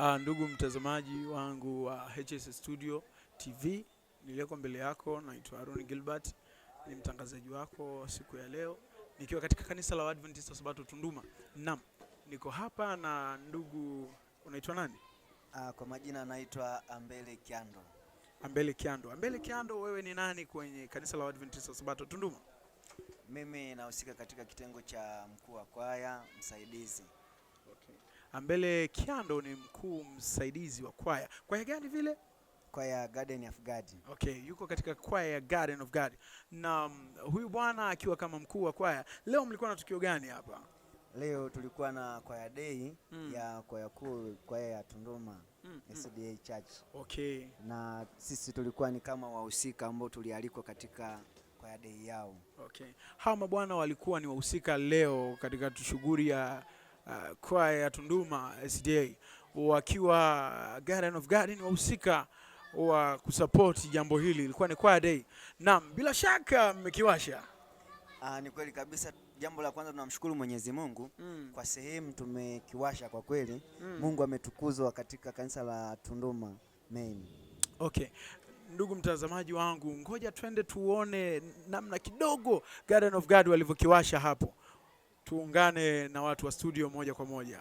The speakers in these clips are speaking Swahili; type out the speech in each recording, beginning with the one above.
Uh, ndugu mtazamaji wangu wa HS Studio TV niliyoko mbele yako, naitwa Aaron Gilbert, ni mtangazaji wako siku ya leo nikiwa katika kanisa la Adventist Sabato Tunduma. Naam, niko hapa na ndugu, unaitwa nani? Uh, kwa majina anaitwa Ambele Kiando. Ambele Kiando. Ambele Kiando, wewe ni nani kwenye kanisa la Adventist Sabato Tunduma? Mimi nahusika katika kitengo cha mkuu wa kwaya msaidizi. Ambele Kiando ni mkuu msaidizi wa kwaya. Kwaya gani vile? Kwaya Garden of God. Okay, yuko katika kwaya Garden of God. Na um, huyu bwana akiwa kama mkuu wa kwaya, leo mlikuwa na tukio gani hapa? Leo tulikuwa na kwaya day mm. ya kwaya kuu kwaya ya Tunduma mm. mm. SDA Church. Okay. Na sisi tulikuwa ni kama wahusika ambao tulialikwa katika kwaya day yao. Okay. Hawa mabwana walikuwa ni wahusika leo katika shughuli ya kwa uh, kwaya ya Tunduma SDA wakiwa Garden of Garden wahusika wa kusapoti jambo hili, ilikuwa ni kwaya day. Naam, bila shaka mmekiwasha. Ah, ni kweli kabisa. Jambo la kwanza tunamshukuru Mwenyezi Mungu mm. kwa sehemu tumekiwasha kwa kweli mm. Mungu ametukuzwa katika kanisa la Tunduma main. Okay. Ndugu mtazamaji wangu, ngoja twende tuone namna kidogo Garden of God walivyokiwasha hapo tuungane na watu wa studio moja kwa moja.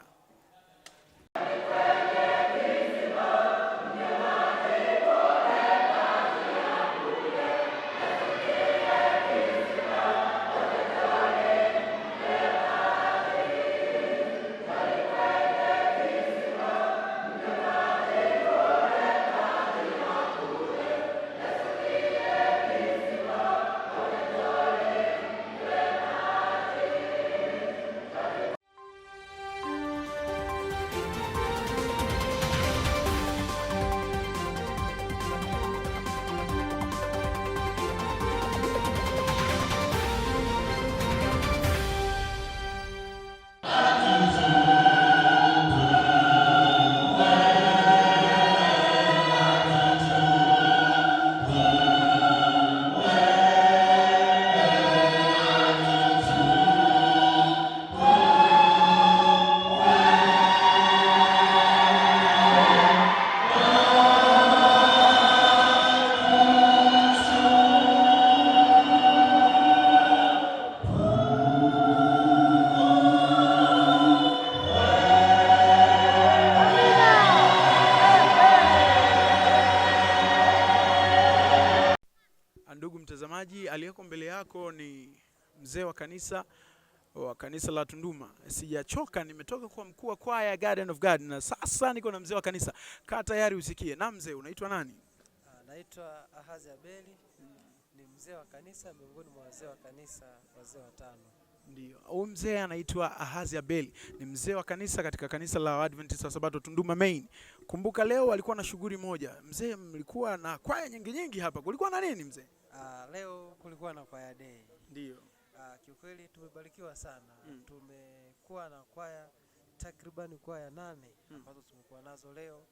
mzee wa kanisa wa kanisa la Tunduma. Sijachoka, nimetoka kwa mkuu wa kwaya Garden of God na sasa niko na mzee wa kanisa. Kaa tayari usikie. Na mzee, unaitwa nani? Ah, naitwa Ahazi Abeli. Ni mzee wa kanisa, miongoni mwa wazee wa kanisa, wazee watano. Ndio. Huyu mzee anaitwa Ahazi Abeli, ni mzee wa kanisa katika kanisa la Adventist wa Sabato Tunduma Main. Kumbuka leo walikuwa na shughuli moja. Mzee, mlikuwa na kwaya nyingi nyingi hapa. Kulikuwa na nini mzee? Ah, leo kulikuwa na kwaya day. Ndio. Uh, kiukweli tumebarikiwa sana mm. Tumekuwa na kwaya takribani kwaya nane mm. ambazo tumekuwa nazo leo.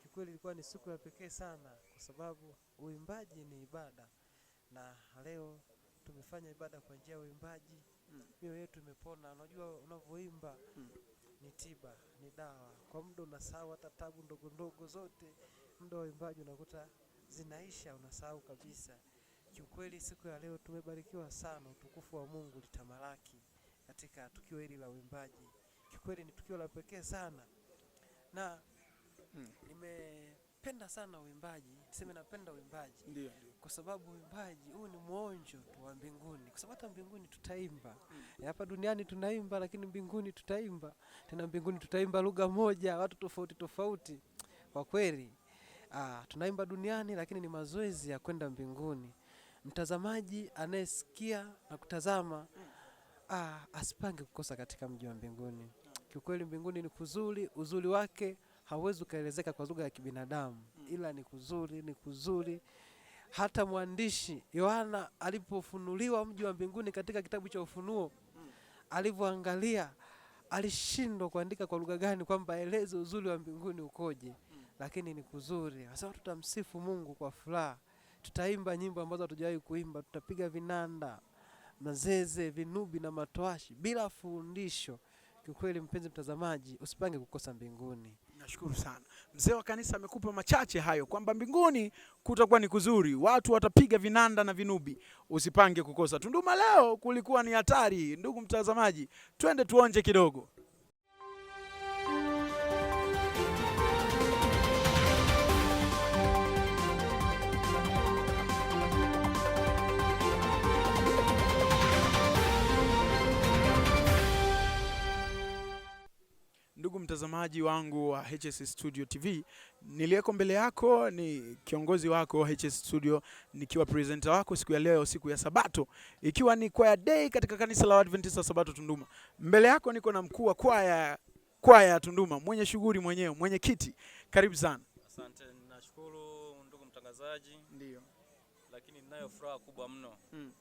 Kiukweli ilikuwa ni siku ya pekee sana, kwa sababu uimbaji ni ibada, na leo tumefanya ibada kwa njia ya uimbaji mm. Mioyo yetu imepona. Unajua, unavyoimba mm. ni tiba, ni dawa. Kwa muda unasahau hata tabu ndogo ndogo zote, muda wa uimbaji unakuta zinaisha, unasahau kabisa. Kiukweli siku ya leo tumebarikiwa sana, utukufu wa Mungu litamalaki katika tukio hili la uimbaji. Kiukweli ni tukio la pekee sana na hmm, nimependa sana uimbaji, niseme napenda uimbaji ndio, kwa sababu uimbaji huu ni mwonjo tu wa mbinguni, kwa sababu hata mbinguni tutaimba hmm. hapa. Hmm, duniani tunaimba, lakini mbinguni tutaimba tena, mbinguni tutaimba lugha moja, watu tofauti tofauti. Kwa kweli, ah, tunaimba duniani, lakini ni mazoezi ya kwenda mbinguni mtazamaji anayesikia na kutazama ah, asipange kukosa katika mji wa mbinguni. Kiukweli mbinguni ni kuzuri, uzuri wake hauwezi ukaelezeka kwa lugha ya kibinadamu, ila ni kuzuri, ni kuzuri. Hata mwandishi Yohana alipofunuliwa mji wa mbinguni katika kitabu cha Ufunuo, alivyoangalia alishindwa kuandika kwa lugha gani kwamba aeleze uzuri wa mbinguni ukoje, lakini ni kuzuri. Sasa tutamsifu Mungu kwa furaha. Tutaimba nyimbo ambazo hatujawahi kuimba, tutapiga vinanda, mazeze, vinubi na matoashi bila fundisho. Kiukweli mpenzi mtazamaji, usipange kukosa mbinguni. Nashukuru sana mzee wa kanisa, amekupa machache hayo kwamba mbinguni kutakuwa ni kuzuri, watu watapiga vinanda na vinubi. Usipange kukosa. Tunduma leo kulikuwa ni hatari, ndugu mtazamaji, twende tuonje kidogo. mtazamaji wangu wa HS Studio TV, niliyeko mbele yako ni kiongozi wako HS Studio, nikiwa presenter wako siku ya leo, siku ya Sabato, ikiwa ni kwaya day katika kanisa la wa Sabato Tunduma. Mbele yako niko na mkuu wa kwaya kwaya ya Tunduma, mwenye shughuli mwenyewe, mwenyekiti, karibu sana. Asante, nashukuru ndugu mtangazaji. Ndio, lakini ninayo furaha kubwa mno mm.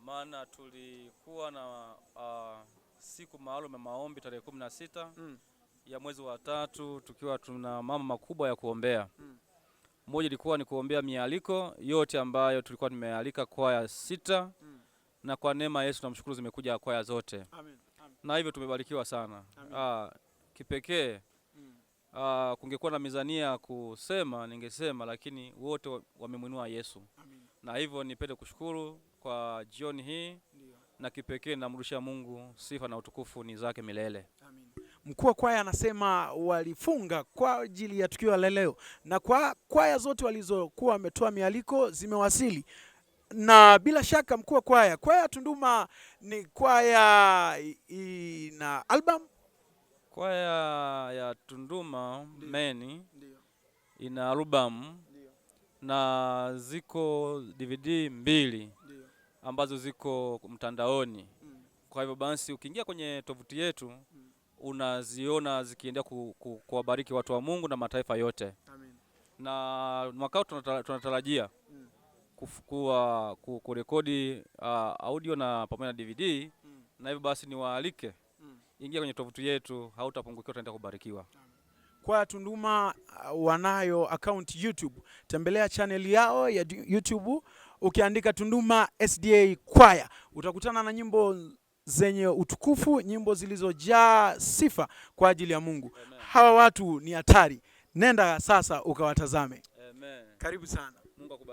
maana tulikuwa na uh, siku maalum ya maombi tarehe kumi na sita mm ya mwezi wa tatu tukiwa tuna mama makubwa ya kuombea mm. Moja ilikuwa ni kuombea mialiko yote ambayo tulikuwa tumealika kwaya sita mm. na kwa neema Yesu tunamshukuru zimekuja kwaya zote Amen. Amen. na hivyo tumebarikiwa sana ah, kipekee mm. ah, kungekuwa na mizania kusema ningesema, lakini wote wamemwinua Yesu Amen. na hivyo nipende kushukuru kwa jioni hii Ndiyo. na kipekee namrudisha Mungu sifa na utukufu ni zake milele Amen. Mkuu wa kwaya anasema walifunga kwa ajili ya tukio la leo, na kwa kwaya zote walizokuwa wametoa mialiko zimewasili, na bila shaka mkuu wa kwaya, kwaya Tunduma ni kwaya ina album, kwaya ya Tunduma meni ina album na ziko DVD mbili ambazo ziko mtandaoni mm. Kwa hivyo basi ukiingia kwenye tovuti yetu mm unaziona zikiendea kuwabariki ku, watu wa Mungu na mataifa yote Amen. Na mwaka huu tunatarajia mm. kufukua kurekodi uh, audio na pamoja na DVD mm. na hivyo basi niwaalike mm. ingia kwenye tovuti yetu, hautapungukiwa, utaenda kubarikiwa Kwaya Tunduma uh, wanayo account YouTube, tembelea channel yao ya YouTube ukiandika Tunduma SDA Kwaya utakutana na nyimbo zenye utukufu, nyimbo zilizojaa sifa kwa ajili ya Mungu. Amen. Hawa watu ni hatari, nenda sasa ukawatazame. Amen. Karibu sana. Mungu akubariki.